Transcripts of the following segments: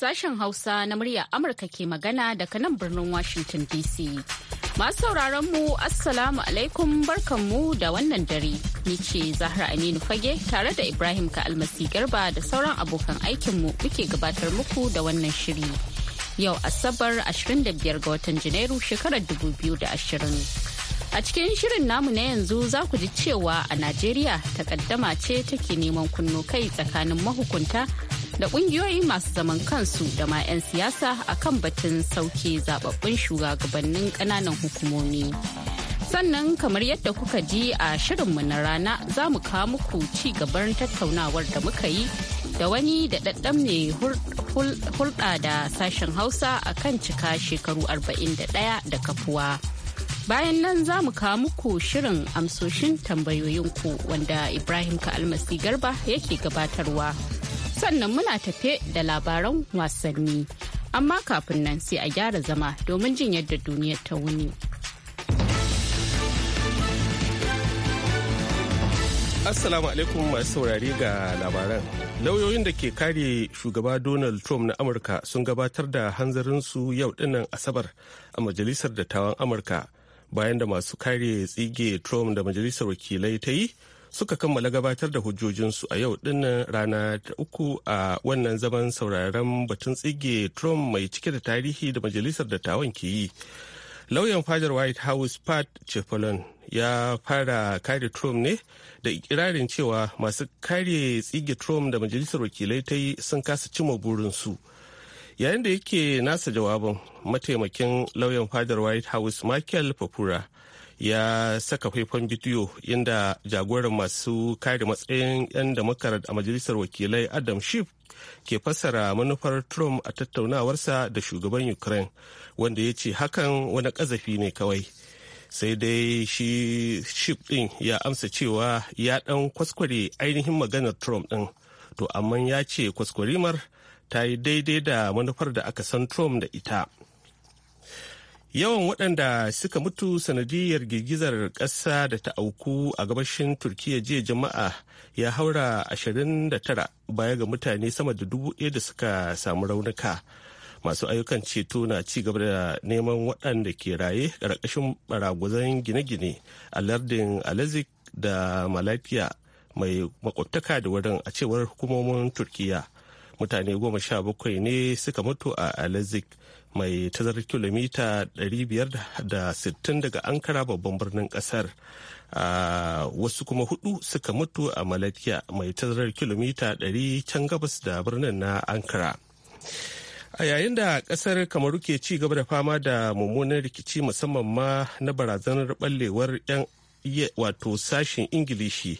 sashen Hausa na murya Amurka ke magana daga nan birnin Washington DC. Masu sauraron mu Assalamu alaikum barkanmu da wannan dare. Ni ce Zahra Aminu Fage tare da Ibrahim ka Almasi Garba da sauran abokan aikinmu muke gabatar muku da wannan shiri. Yau Asabar 25 ga watan Janairu shekarar 2020. A cikin shirin namu na yanzu za ku ji cewa a Najeriya takaddama ce take neman kunno kai tsakanin mahukunta da kungiyoyi masu zaman kansu da ma 'yan siyasa a kan batun sauke zababbun shugabannin ƙananan hukumomi. Sannan kamar yadda kuka ji a shirinmu na rana za mu kawo muku ci gaban tattaunawar da muka yi da wani da ɗaɗɗan mai hulɗa da sashen Hausa a kan cika shekaru 41 da kafuwa. Bayan nan za mu kawo muku shirin amsoshin tambayoyinku wanda Ibrahim Ka'almasi Garba yake gabatarwa. Sannan muna tafe da labaran wasanni. Amma kafin nan sai a gyara zama domin jin yadda duniyar ta wuni. Assalamu alaikum masu saurari ga labaran. Lauyoyin da ke kare shugaba Donald Trump na Amurka sun gabatar da hanzarinsu yau dinnan Asabar a Majalisar Dattawan Amurka bayan da masu kare tsige trump da majalisar wakilai ta yi suka kammala gabatar da hujjojinsu a yau din rana ta uku a wannan zaman sauraren batun tsige trump mai cike da tarihi da majalisar dattawan ke yi lauyan fadar white house pat chepolon ya fara kare trump ne da ikirarin cewa masu kare tsige trump da majalisar wakilai ta yi sun kasa cimma burinsu. su yayin da yake nasa jawabin mataimakin lauyan fadar white house michael papura ya saka faifan bidiyo inda jagoran masu kare matsayin 'yan damakarar a majalisar wakilai adam schiff ke fassara manufar trump a tattaunawarsa da shugaban ukraine wanda ya ce hakan wani kazafi ne kawai sai dai shi schiff din ya amsa cewa ya dan kwaskware ainihin maganar trump din to amma ya ce kwaskwarimar ta yi daidai da manufar da aka san Trump da ita. Yawan waɗanda suka mutu sanadiyar girgizar ƙasa da ta auku a gabashin Turkiyya jiya jama'a ya haura 29 baya ga mutane sama da dubu ɗaya da suka samu raunuka. Masu ayyukan ceto na ci gaba da neman waɗanda ke raye ƙarƙashin baragwazon gine-gine a lardin Alazik da Malafiya mai makwabtaka da wurin a cewar hukumomin Turkiyya. mutane goma sha bakwai ne suka mutu a alazik mai tazarar kilomita 560 daga ankara babban birnin kasar wasu kuma hudu suka mutu a malakiya mai tazarar kilomita 100 can gabas da birnin na ankara a yayin da kasar kamaru ke ci gaba da fama da mummunan rikici musamman ma na barazanar ballewar 'yan wato sashen ingilishi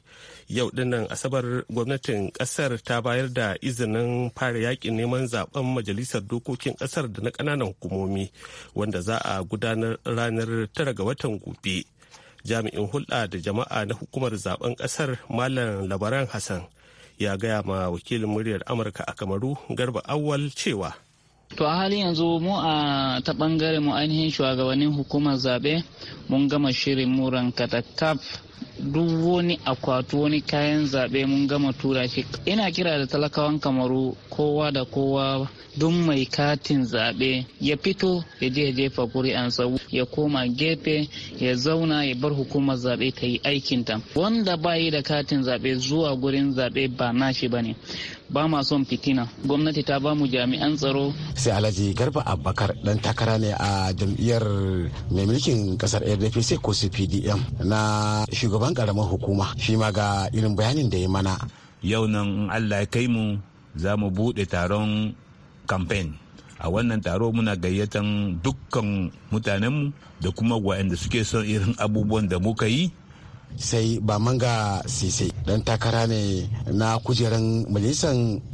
yau dinnan asabar gwamnatin kasar ta bayar da izinin fara yakin neman zaben majalisar dokokin kasar da na kananan hukumomi wanda za a gudanar ranar tara ga watan gobe jami'in hulɗa da jama'a na hukumar zaben kasar malam labaran hassan ya gaya ma wakilin muryar amurka a kamaru garba awwal cewa To a halin yanzu mu a ta bangare mu ainihin shugabannin hukumar zaɓe mun gama shirin mu katakaf kaf duk wani akwati wani kayan zaɓe mun gama tura shi ina kira da talakawan kamaru kowa da kowa duk mai katin zaɓe ya fito ya je ya jefa kuri'ansa ya koma gefe ya zauna ya bar hukumar zaɓe ta yi aikinta wanda ba yi da katin zaɓe zuwa gurin zaɓe ba nashi ba ne ba ma son fitina gwamnati ta ba mu jami'an tsaro sai alhaji garba abubakar dan takara ne a jam'iyyar mai mulkin kasar rdpc ko cpdm na shugaban shugaban karamar hukuma shi ma ga irin bayanin da ya mana yau nan in allah ya kai mu za mu buɗe taron campaign a wannan taro muna gayyatan dukkan mutanenmu da kuma waɗanda suke son irin abubuwan da muka yi sai ba manga sise dan takara ne na kujeran majalisar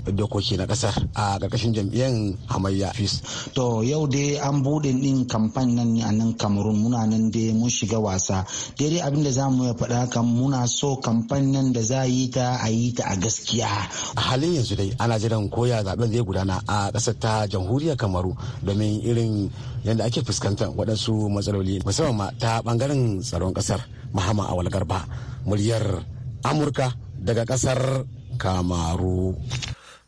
dokoki na kasar a karkashin jam'iyyar hamayya fis to yau dai an bude din kamfan nan a nan kamarun muna nan dai mun shiga wasa daidai abin da mu ya faɗa kan muna so kamfan nan da za yi ta a yi ta a gaskiya a halin yanzu dai ana jiran koya zaben zai gudana a kasar ta jamhuriyar kamaru domin irin yadda ake fuskantar waɗansu matsaloli musamman ma ta ɓangaren tsaron ƙasar mahama a walgarba muryar amurka daga ƙasar kamaru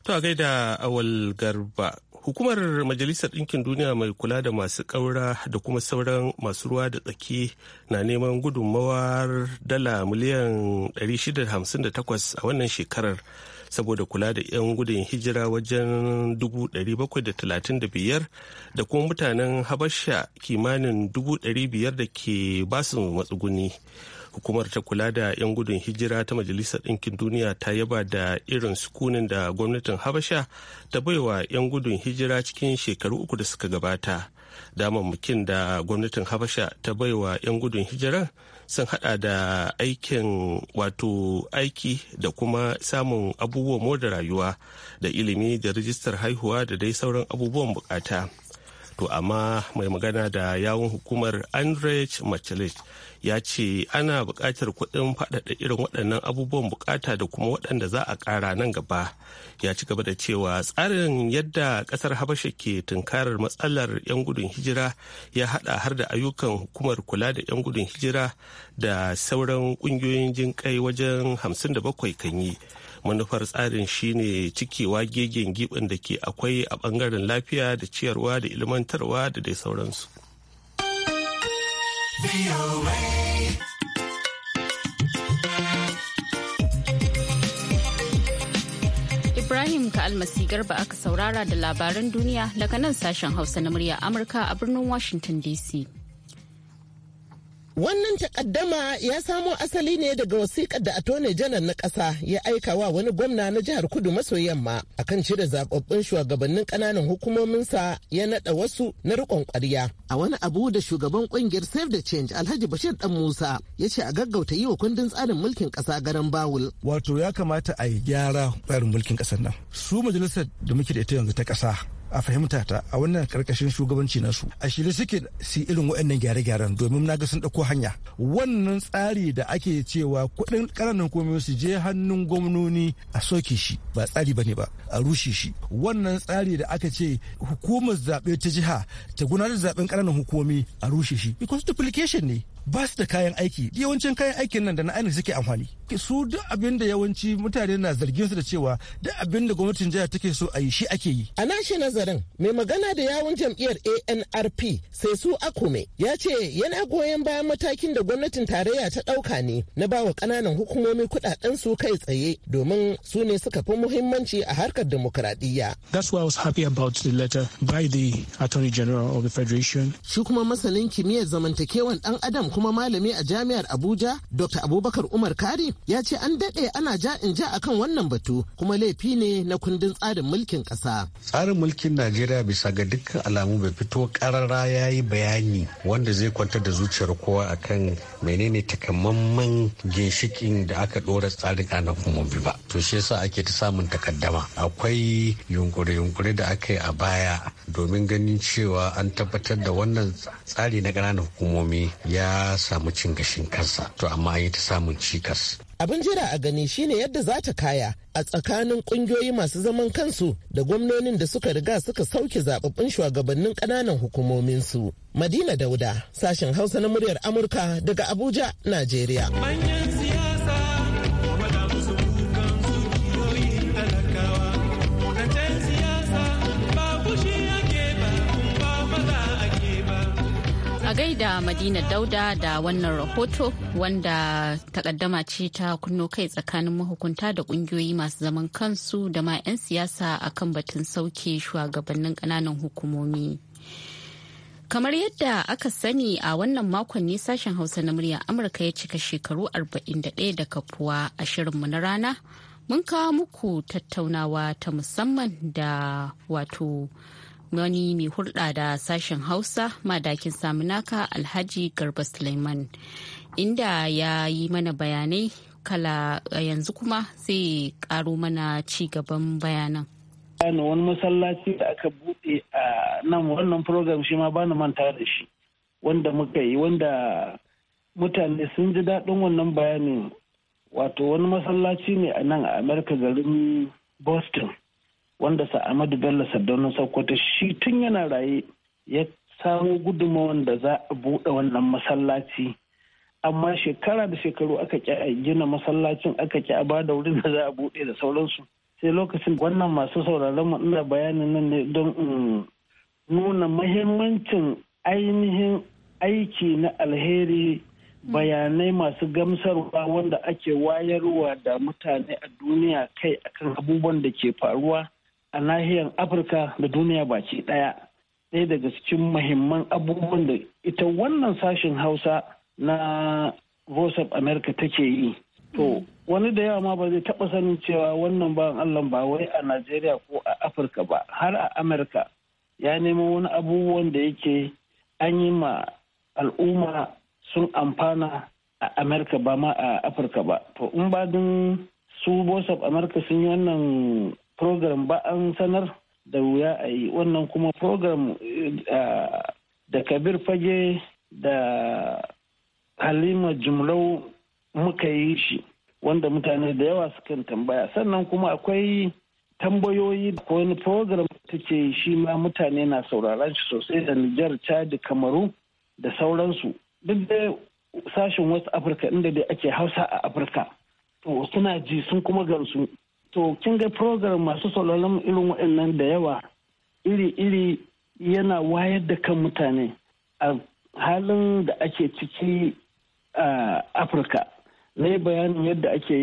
to a gaida awal garba hukumar majalisar ɗinkin duniya mai kula da masu ƙaura da kuma sauran masu ruwa da tsaki na neman gudunmawar dala miliyan 658 a wannan shekarar saboda kula da 'yan gudun hijira wajen 735 da kuma mutanen habasha kimanin 500 da ke basu matsuguni hukumar ta kula da 'yan gudun hijira ta majalisar ɗinkin duniya ta yaba da irin sukunin da gwamnatin habasha ta baiwa 'yan gudun hijira cikin shekaru uku da suka gabata damammakin da gwamnatin habasha ta baiwa 'yan gudun hijirar sun hada da aikin wato aiki da kuma samun abubuwan more rayuwa da ilimi da rijistar haihuwa da dai sauran abubuwan bukata. to amma mai magana da yawun hukumar andrej machilich ya ce ana buƙatar kuɗin faɗaɗa irin waɗannan abubuwan buƙata da kuma waɗanda za a ƙara nan gaba ya ci gaba da cewa tsarin yadda ƙasar habasha ke tunkarar matsalar 'yan gudun hijira ya haɗa har da ayyukan hukumar kula da 'yan gudun hijira da sauran ƙungiyoyin jin kai wajen 57 kan yi manufar tsarin shine cikewa gegen gibin da ke akwai a bangaren lafiya da ciyarwa da ilmantarwa da dai sauransu Ibrahim ka almasi garba aka saurara da labaran duniya daga nan sashen hausa na murya Amurka a birnin Washington DC. Wannan takaddama ya samo asali ne daga wasiƙar da atone janar na ƙasa ya aika wa wani gwamna na jihar Kudu maso yamma akan cire zaɓaɓɓun shugabannin ƙananan hukumominsa ya naɗa wasu na riƙon ƙwarya. a wani abu da shugaban kungiyar save the change alhaji bashir dan musa ya ce a gaggauta yi wa kundin tsarin mulkin kasa garan bawul wato ya kamata a yi gyara tsarin mulkin kasar nan su majalisar da muke da ita yanzu ta kasa a fahimta ta a wannan karkashin shugabanci nasu a shirye suke si irin waɗannan gyare-gyaren domin na ga sun ɗauko hanya wannan tsari da ake cewa kuɗin ƙananan komai su je hannun gwamnoni a soke shi ba tsari bane ba a rushe shi wannan tsari da aka ce hukumar zaɓe ta jiha ta gudanar da zaɓen ƙananan hukumi a rushe shi because duplication ne ba su da kayan aiki yawancin kayan aikin nan da na ainihin suke amfani su duk abin da yawanci mutane na zargin su da cewa duk abin da gwamnatin jihar take so a yi shi ake yi a nashi nazarin mai magana da yawun jam'iyyar anrp sai su akume ya ce yana goyon bayan matakin da gwamnatin tarayya ta ɗauka ne na bawa kananan hukumomi kuɗaɗen su kai tsaye domin su ne suka fi muhimmanci a harkar demokuraɗiyya. That's why I was happy about the letter by the Attorney General of the Federation. Shi kuma masanin kimiyyar zamantakewan ɗan Adam kuma malami a jami'ar Abuja Dr. Abubakar Umar Kari ya ce an daɗe ana ja in ja akan wannan batu kuma laifi ne na kundin tsarin mulkin ƙasa. Tsarin mulkin Najeriya bisa ga dukkan alamu bai fito ƙarara ya yi bayani wanda zai kwantar da zuciyar kowa akan menene takamaiman ginshikin da aka ɗora tsarin kuma hukumomi ba. To shi yasa ake ta samun takaddama. Akwai yunkure-yunkure da aka yi a baya domin ganin cewa an tabbatar da wannan tsari na ƙananan hukumomi ya ya samu cin gashin kansa to amma yi ta samun cikas abin jira a gani shine yadda za ta kaya a tsakanin kungiyoyi masu zaman kansu da gwamnonin da suka riga suka sauke zababbin shugabannin kananan hukumominsu madina dauda sashen hausa na muryar amurka daga abuja najeriya gaida Madina Dauda da wannan rahoto wanda takaddama ce ta kunno kai tsakanin mahukunta da kungiyoyi masu zaman kansu da ma 'yan siyasa a kan batun sauke shugabannin kananan hukumomi. Kamar yadda aka sani a wannan makon ne sashen Hausa na murya Amurka ya cika shekaru 41 da kafuwa a shirinmu na rana. Mun kawo muku tattaunawa ta musamman da wato. wani mai hulɗa da sashen hausa madakin samunaka alhaji garba suleiman inda ya yi mana bayanai kala yanzu kuma zai karo mana ci gaban bayanan wani masallaci da aka buɗe a nan wannan program shi ma bani manta da shi wanda muka yi wanda mutane sun ji daɗin wannan bayanin wato wani masallaci ne a nan a amurka garin boston wanda sa ahmadu Bello Sardauna Sokoto shi tun yana raye ya samu gudunmawan da za a buɗe wannan masallaci amma shekara da shekaru aka ƙi a gina masallacin aka ƙi a ba da wurin da za a buɗe da sauransu sai lokacin wannan masu sauraron mu ina bayanin nan ne don nuna mahimmancin ainihin aiki na alheri bayanai masu gamsarwa wanda ake wayarwa da mutane a duniya kai akan abubuwan da ke faruwa a nahiyar afirka da duniya baki ɗaya ɗaya daga cikin mahimman abubuwan da ita wannan sashen hausa na voice of america take yi to wani da yawa ma ba zai taba sanin cewa wannan ba allah ba wai a najeriya ko a afirka ba har a amurka ya nemo wani abubuwan da yake an yi ma al'umma sun amfana a amurka ba ma a afirka ba to in ba su voice of america sun yi wannan program ba an sanar da wuya a yi wannan kuma program eh, da kabir fage da halima jumlau muka yi shi wanda mutane da yawa sukan tambaya sannan kuma akwai tambayoyi da wani program ta ce shi ma mutane na sauraron shi sosai da Nijar, Chad, Kamaru da sauransu. Duk da sashen West Africa inda dai ake Hausa a Afirka. To suna ji sun kuma gamsu to kin ga program masu sauraron irin waɗannan da yawa iri-iri yana wayar da kan mutane a halin da ake ciki a afirka na bayanin yadda ake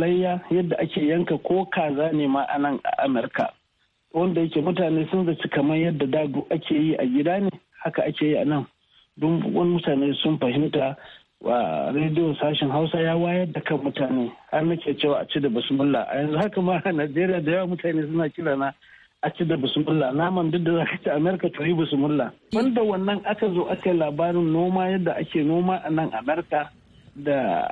layya yadda ake yanka ko kaza ne ma a nan a amurka wanda yake mutane sun zaci kamar yadda dago ake yi a gida ne haka ake yi a nan don wani mutane sun fahimta wa rediyo sashen hausa ya wayar da kan mutane har nake cewa a ci da basmulla a yanzu haka ma a najeriya da yawa mutane suna kira na a ci da basmulla naman duk da za ka ci amerika to yi basmulla wanda wannan aka zo aka yi labarin noma yadda ake noma a nan amerika da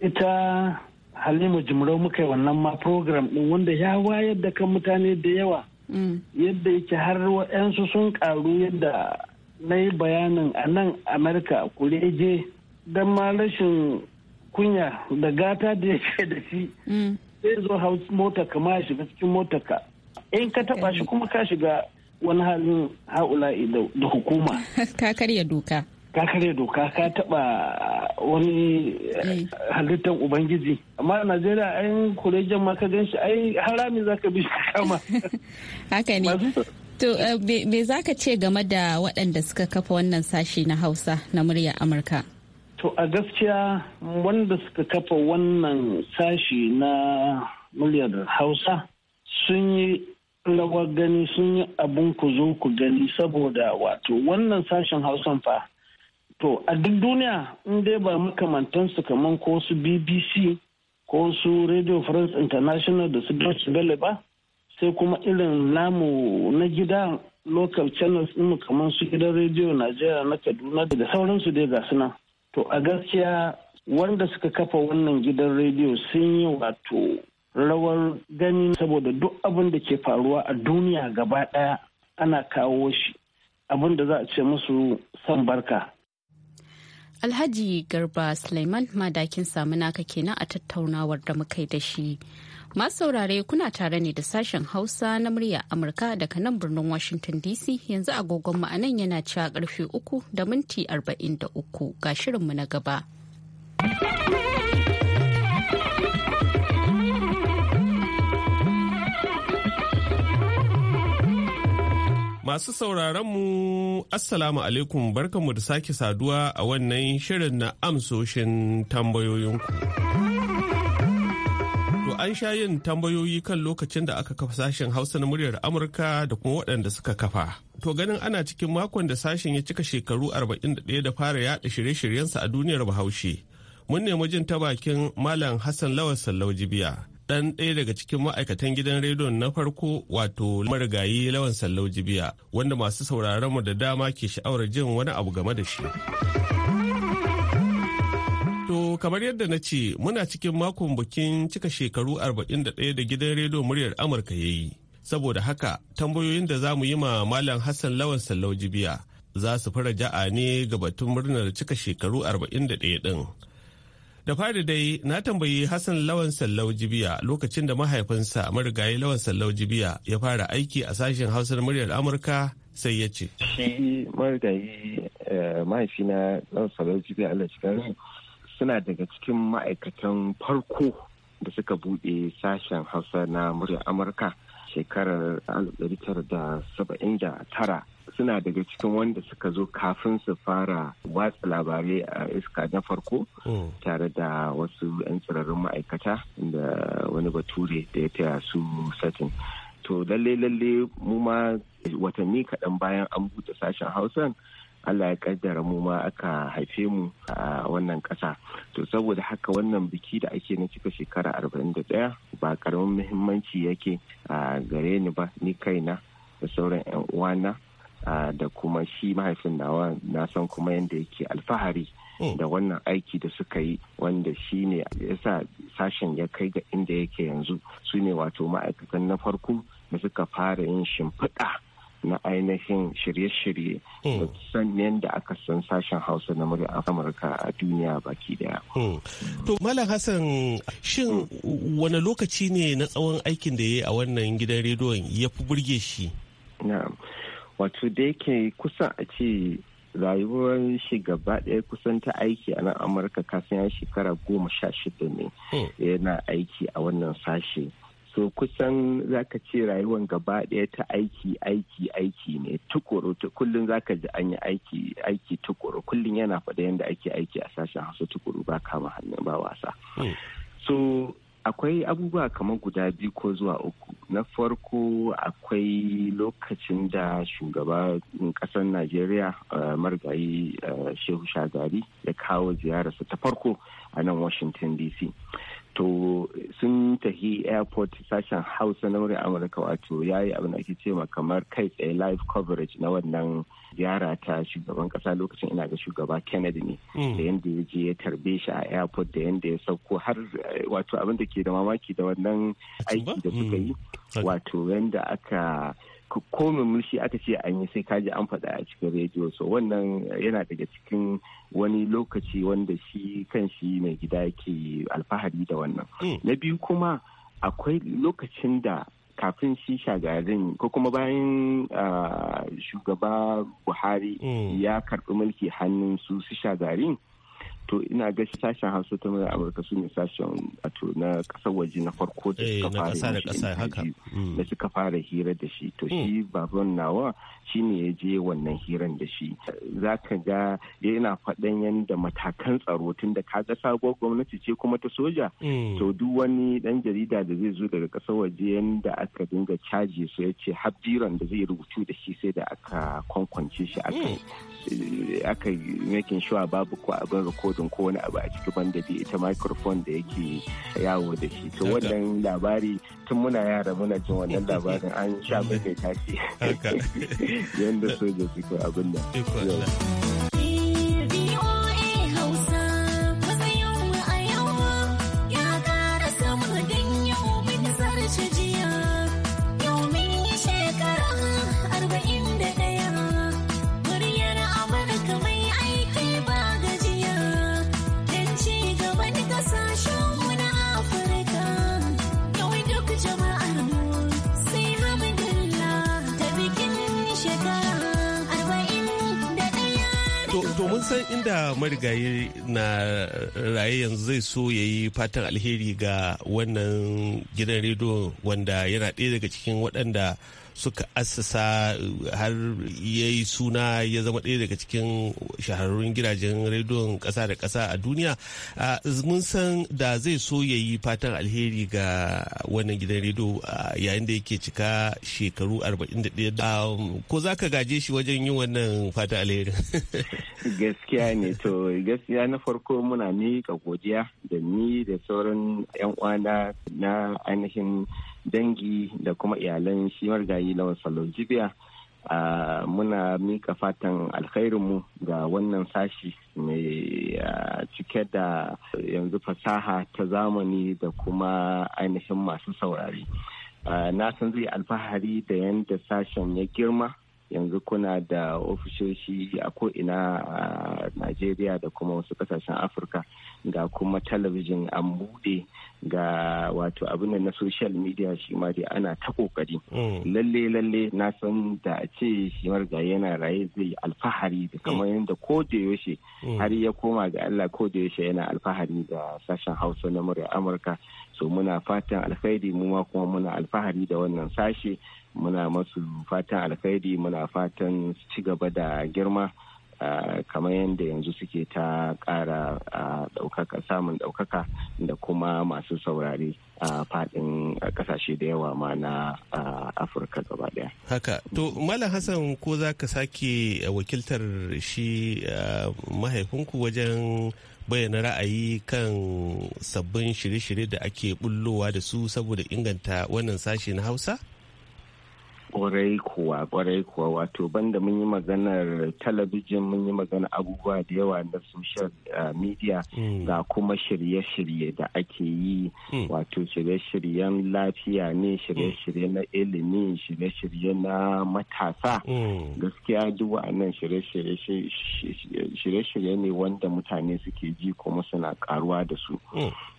ita halima jimrau muka yi wannan ma program din wanda ya wayar da kan mutane da yawa mm. yadda yake har wa'yansu sun karu yadda na yi bayanin a nan amerika kureje don ma rashin kunya da gata da yake da shi sai mm. zo hau mota ka ma shiga cikin mota ka in ka taba shi kuma ka shiga wani halin ha'ula da hukuma ka karya doka ka karya doka ka taba wani eh. halittar ubangiji amma a najeriya ayin kurejen ma ka gan shi ai harami za ka bi shi kama haka ne To eh, me za ka ce game da waɗanda suka kafa wannan sashi na Hausa na murya Amurka? To a gaskiya wanda suka kafa wannan sashi na muryar Hausa sun yi rawar gani sun yi abin ku zo ku gani saboda wato wannan sashen Hausan fa. To a duk duniya in dai ba makamantansu kamar ko su BBC ko su Radio France International da su Deutsche Welle ba sai kuma irin namu na gida local channels ɗinmu kamar su gidan rediyo Najeriya na Kaduna da sauransu dai ga nan. To a gaskiya wanda suka kafa wannan gidan rediyo sun yi wato rawar gani saboda duk abin da ke faruwa a duniya gaba ɗaya ana kawo shi abin da za a ce musu san barka. Alhaji Garba Suleiman madakin samuna kake na a tattaunawar da muka yi da shi. Masu saurare kuna tare ne da sashen Hausa na murya Amurka daga nan birnin Washington DC yanzu agogon ma'anan yana cewa karfe uku da minti arba'in da uku ga shirinmu na gaba. Masu sauraronmu, Assalamu alaikum barkanmu da sake saduwa a wannan shirin na amsoshin tambayoyinku. an sha yin tambayoyi kan lokacin da aka kafa sashen hausa na muryar amurka da kuma waɗanda suka kafa to ganin ana cikin makon da sashen ya cika shekaru 41 da fara yaɗa shirye-shiryensa a duniyar bahaushe mun nemi jin ta bakin malam hassan lawal sallau jibiya ɗan ɗaya daga cikin ma'aikatan gidan rediyon na farko wato marigayi lawan sallau jibiya wanda masu sauraron mu da dama ke sha'awar jin wani abu game da shi. To kamar yadda na ce muna cikin makon bikin cika shekaru 41 da gidan rediyo muryar Amurka ya yi. Saboda haka tambayoyin da za mu yi ma Malam Hassan Lawan Sallau Jibiya za su fara ja'a ne ga batun murnar cika shekaru 41 din. Da fari dai na tambayi Hassan Lawan Sallau Jibiya lokacin da mahaifinsa marigayi Lawan Sallau Jibiya ya fara aiki a sashen Hausar muryar Amurka sai ya ce. Shi marigayi eh, mahaifina Lawan Sallau Jibiya Allah suna daga cikin ma'aikatan farko da suka buɗe sashen hausa na muryar amurka shekarar 1979 suna daga cikin wanda suka zo kafin su fara watsa labarai a iska na farko hmm. tare da wasu 'yan tsirarin ma'aikata da wani bature da ya taya su satin to lalle lalle mu ma watanni kaɗan bayan an buɗe sashen hausan Allah ya kaddara mu ma aka haife mu a wannan ƙasa. To saboda haka wannan biki da ake na cika shekara 41 ba karamin muhimmanci yake a gare ni ba ni kaina da sauran 'yan uwana da kuma shi mahaifin nawa na san kuma yadda yake alfahari hmm. da wannan aiki da suka yi wanda shi ne ya sa sashen ya kai ga inda yake yanzu su ne wato ma'aikatan na farko da suka fara yin shimfiɗa na ainihin shirye-shirye hmm. sannan da aka san sashen hausa na murya amurka a duniya baki daya. Hmm. to malam hassan shin hmm. wani lokaci ne na tsawon aikin da ya yi a wannan gidan rediyon ya fi burge shi wato da yake kusa a ce rayuwar shi gaba ɗaya kusan ta aiki a nan amurka kasan ya shekara goma sha shida ne yana aiki a wannan sashe so kusan zaka ce rayuwan gaba ɗaya ta aiki aiki aiki ne tukuru kullum zaka ji an yi aiki aiki tukuru kullum yana faɗa yadda ake aiki a sashen hasu tukuru ba kama hannu ba wasa hmm. so akwai abubuwa kamar guda biyu ko zuwa uku na farko akwai lokacin da shugaban ƙasar najeriya eh, marigayi eh, shehu shagari ya kawo ziyararsa ta farko a nan washington dc to sun tafi airport sashen hausa na wurin amurka wato ya yi abin ake ce ma kamar kai tsaye live coverage na wannan ziyara ta shugaban kasa lokacin ina ga shugaba kennedy ne hmm. da yadda ya je ya tarbe shi a airport da yadda ya sauko har wato abin da ke da mamaki da wannan aiki da suka hmm. yi wato yadda aka komin mulki aka ce an yi sai kaji an faɗa a cikin rediyo so wannan yana daga cikin wani lokaci wanda shi kan shi mai gida yake alfahari da wannan hmm. na biyu kuma akwai lokacin da kafin shi shagarin ko kuma bayan shugaba buhari hmm. ya karɓi mulki hannun su su shagarin to ina ga sashen hausa ta mai amurka su ne sashen wato na kasar waje na farko da eh, suka fara mm. da suka fara hira da shi to shi mm. baban nawa shi ne ya je wannan hiran da shi za ka ga yana faɗan yadda matakan tsaro tun da kaga sabuwar gwamnati ce kuma ta soja mm. to duk wani ɗan jarida da zai zo daga kasar waje yadda aka dinga caji su ya ce habjiran da zai rubutu da shi sai da aka kwankwance shi aka making sure babu ko abin record sun ko wani abu a ciki banda da ita microphone da yake yawo da shi to wannan labari tun muna yara muna jin wannan labarin an sha mai tashi yadda soja suke abin da marigayi na raye yanzu zai so ya yi fatan alheri ga wannan gidan rediyo wanda yana ɗaya daga cikin waɗanda suka assasa uh, har ya yi suna ya zama ɗaya daga cikin shahararrun gidajen rediyon ƙasa da ƙasa a duniya uh, mun san da zai so ya yi fatan alheri ga wannan gidan rediyo uh, yayin da yake cika shekaru 41 um, ko za ka gaje shi wajen yin wannan fatan alheri gaskiya ne to gaskiya na farko muna miƙa godiya da ni da sauran 'yan uwana na ainihin dangi da kuma iyalan shi margayi lawan salon jibiya muna mika fatan alkhairinmu ga wannan sashi mai cike da yanzu fasaha ta zamani da kuma ainihin masu saurari na san zai alfahari da yadda sashen ya girma yanzu kuna da ofishoshi a ko'ina a najeriya da kuma wasu kasashen afirka ga kuma talabijin an bude ga wato abin na social media shi ma dai ana ta kokari mm. lalle lalle na san da a ce shi ga yana raye zai alfahari da mm. kamar yadda ko da yaushe mm. har ya koma ga Allah ko da yaushe yana alfahari da sashen Hausa na murya Amurka so muna fatan alkhairi mu ma kuma muna alfahari da wannan sashe muna masu fatan alkhairi muna fatan ci gaba da girma kamar yadda yanzu suke ta ƙara samun daukaka da kuma masu saurari a faɗin ƙasashe da yawa ma na afirka gaba daya. haka to malam hassan ko za ka sake wakiltar shi mahaifinku wajen bayyana ra'ayi kan sabbin shirye-shirye da ake bullowa da su saboda inganta wannan sashe na hausa? Kwarai kuwa, kwarai kuwa wato banda mun yi maganar talabijin mun yi maganar abubuwa da yawa na social eh, media hmm. ga kuma shirye-shirye da ake yi hmm. wato shirye-shiryen lafiya ne hmm. shirye-shirye na ilimi shirye-shirye na matasa gaskiya duk nan shirye-shirye ne wanda mutane suke ji kuma suna karuwa da su.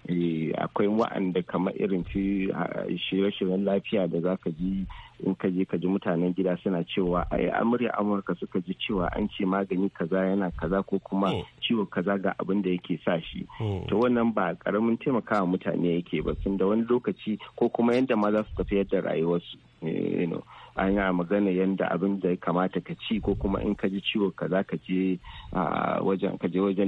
Eh, akwai wa'anda kamar irin fi shirye-shiryen lafiya da za ka ji in ka je ka ji mutanen gida suna cewa a amurya amurka suka ji cewa an ce magani kaza yana kaza ko kuma hmm. ciwo kaza ga abin da yake sa shi hmm. to wannan ba karamin taimakawa mutane yake ba tun da wani lokaci ko kuma yadda ma za su tafiyar da rayuwarsu eh, yi magana yadda abin da ya kamata ka ci ko kuma in ka ji ciwo ka za ka je ah, wajen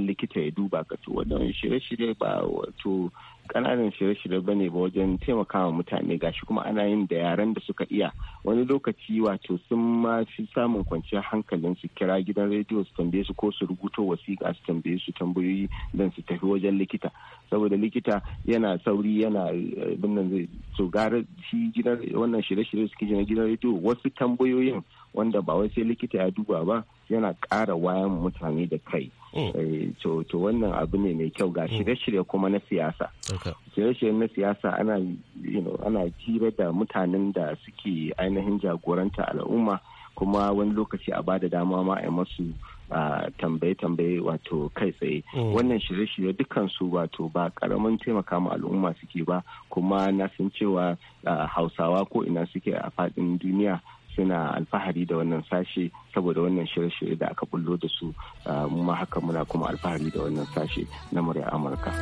likita ya duba ka to wannan shirye-shirye ba wato ƙananan shirye-shirye ba ne ba wajen taimakawa mutane gashi kuma ana yin da yaren da suka iya wani lokaci wato sun ma fi samun kwanciyar hankalin su kira gidan rediyo su tambaye su ko su rubuto wasiƙa su tambaye su tambayoyi don su tafi wajen likita saboda likita yana sauri yana eh, binnan zai so gara shi gidan wannan shirye-shirye suke na gidan rediyo wasu tambayoyin wanda ba wai sai likita ya duba ba yana ƙara wayan mutane da kai Mm. Eh, to wannan abu ne mai kyau ga mm. shirye-shirye kuma na siyasa shirye-shirye na siyasa ana you jira da mutanen da suke ainihin jagoranta al'umma kuma wani lokaci a bada dama ma a masu tambaye-tambaye wato kai tsaye mm. wannan shirye-shirye dukansu wato ba karamin taimaka ma al'umma suke ba kuma na san cewa hausawa ko ina suke a faɗin duniya suna alfahari da wannan sashe saboda wannan shirye-shirye da aka bullo da su ah, mu ma haka muna kuma alfahari da wannan sashe na murya amurka.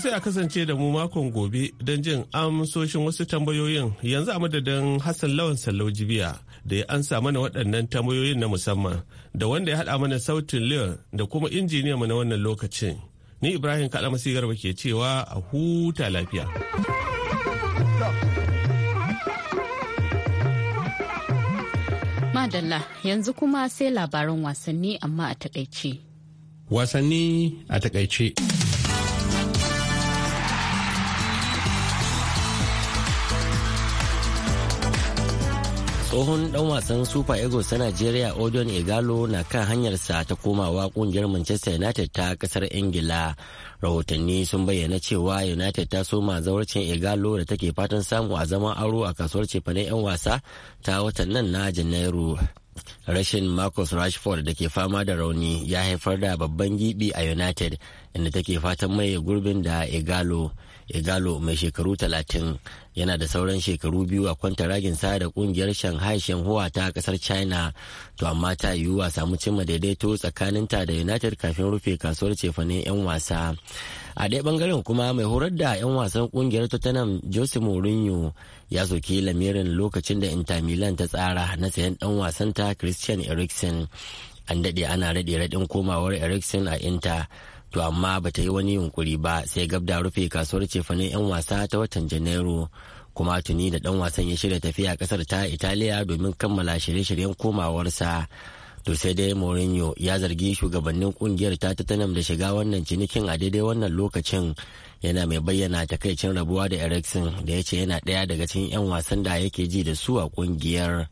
sai a kasance da mu makon gobe don jin amsoshin wasu tambayoyin yanzu a madadin Hassan Lawan Sallau Jibiya da ya ansa mana waɗannan tambayoyin na musamman da wanda ya haɗa mana sautin Leon da kuma injiniya mu na wannan lokacin. Ni Ibrahim Kalamasi Garba ke cewa a huta lafiya. Madalla yanzu kuma sai labaran wasanni amma a takaice. Wasanni a takaice. tsohon dan wasan super eagles ta nigeria odion igalo na kan hanyarsa ta komawa kungiyar manchester united ta kasar ingila rahotanni sun bayyana cewa united ta soma zawarcin igalo da take fatan samu a zaman aro a kasuwar cefane 'yan wasa ta watan nan na janairu rashin marcus rashford da ke fama da rauni ya haifar da babban gibi a united inda take fatan maye gurbin da igalo igalo mai shekaru talatin yana da sauran shekaru biyu a ragin sa da kungiyar shanghai shenhua ta kasar china to amma ta yiwuwa samu cimma daidaito tsakaninta da united kafin rufe kasuwar cefane 'yan wasa a ɗaya bangaren kuma mai horar da 'yan wasan kungiyar tottenham jose mourinho ya soki lamirin lokacin da inter milan ta tsara na sayan dan ta christian eriksen an daɗe ana raɗe raɗin komawar eriksen a inter to amma bata yi wani yunkuri ba sai gabda rufe kasuwar cefanen 'yan wasa ta watan janairu kuma tuni da dan wasan ya shirya tafiya kasar ta italiya domin kammala shirye-shiryen komawarsa to sai dai mourinho ya zargi shugabannin kungiyar ta tottenham da shiga wannan cinikin a daidai wannan lokacin yana mai bayyana takaicin rabuwa da ereksin da ya ce yana ɗaya daga cikin 'yan wasan da yake ji da su a kungiyar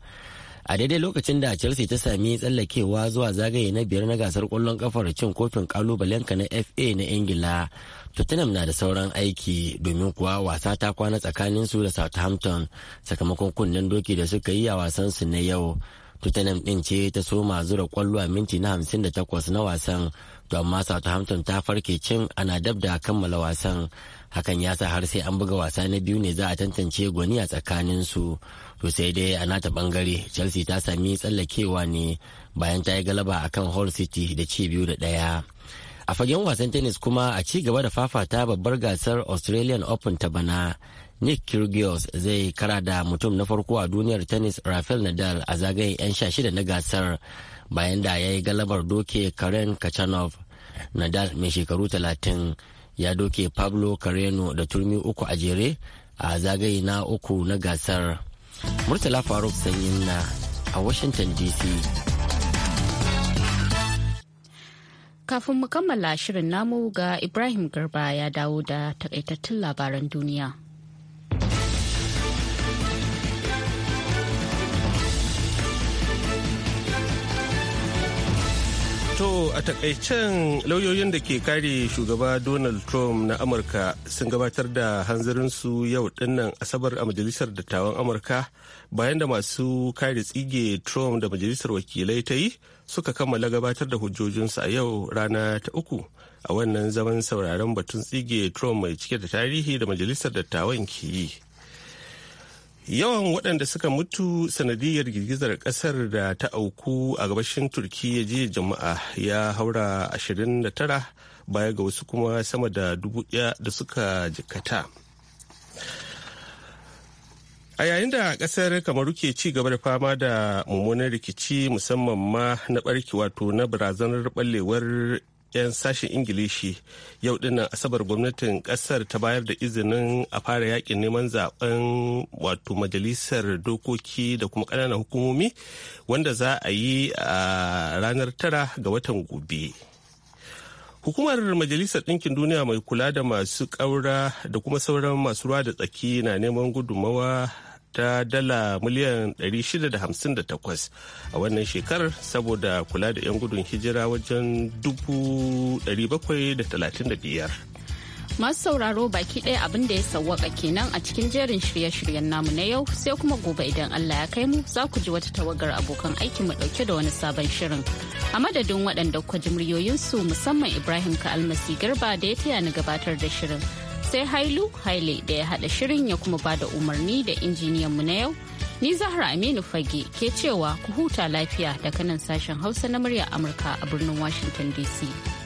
a daidai lokacin da chelsea ta sami tsallakewa zuwa zagaye na biyar na gasar kwallon kafar cin kofin kalubalenka na fa na ingila tottenham na da sauran aiki domin kuwa wasa ta kwana tsakanin su da southampton sakamakon kunnen doki da suka yi a wasan su na yau tottenham din ce ta soma zura kwallo a minti na hamsin da takwas na wasan to amma southampton ta farke cin ana dab da kammala wasan hakan ya sa har sai an buga wasa na biyu ne za a tantance gwani a tsakanin su to sai dai a nata bangare chelsea ta sami tsallakewa ne bayan ta yi galaba a kan hull city da ci biyu da daya a fagen wasan tennis kuma a ci gaba da fafata babbar gasar australian open ta bana nick kirgios zai kara da mutum na farko a duniyar tennis rafael nadal a zagaye 'yan sha shida na gasar bayan da ya yi galabar doke karen kachanov nadal mai shekaru talatin ya doke pablo carreno da turmi uku a jere a zagaye na uku na gasar Murtala Faruk sanyin na a Washington DC. Kafin mu kammala shirin namu ga Ibrahim Garba ya dawo da takaitattun labaran duniya. To a takaicen lauyoyin da ke kare shugaba Donald Trump na Amurka sun gabatar da hanzarinsu yau dinnan Asabar a Majalisar Dattawan Amurka bayan da masu kare tsige Trump da Majalisar Wakilai ta yi suka kammala gabatar da hujjojinsu a yau rana ta uku a wannan zaman sauraron batun tsige Trump mai cike da tarihi da Majalisar Dattawan ke yi. yawan waɗanda suka mutu sanadiyar girgizar ƙasar da ta auku a gabashin turkiyya jiya jama'a ya haura 29 baya ga wasu kuma sama da dubu ɗaya da suka jikata a yayin da ƙasar kamaru ke ci gaba da fama da mummunan rikici musamman ma na barki wato na barazanar ɓallewar 'yan sashen ingilishi yau dinnan asabar gwamnatin kasar ta bayar da izinin a fara yakin neman zaben wato majalisar dokoki da kuma kananan hukumomi wanda za a yi a ranar tara ga watan gobe hukumar majalisar ɗinkin duniya mai kula da masu ƙaura da kuma sauran masu ruwa da tsaki na neman gudunmawa. ta dala miliyan 658 a wannan shekarar saboda kula da 'yan gudun hijira wajen 735 masu sauraro baki ɗaya abin da ya sawwaka kenan a cikin jerin shirye-shiryen namu na yau sai kuma gobe idan Allah ya kai mu za ku ji wata tawagar abokan aiki mu ɗauke da wani sabon shirin a madadin waɗanda kwa ji musamman ibrahim ka almasi garba da ya taya ni gabatar da shirin sai hailu haile da ya haɗa shirin ya kuma bada umarni da injiniyan mu na yau ni zahra aminu fage ke cewa ku huta lafiya daga nan sashen hausa na murya amurka a birnin washington dc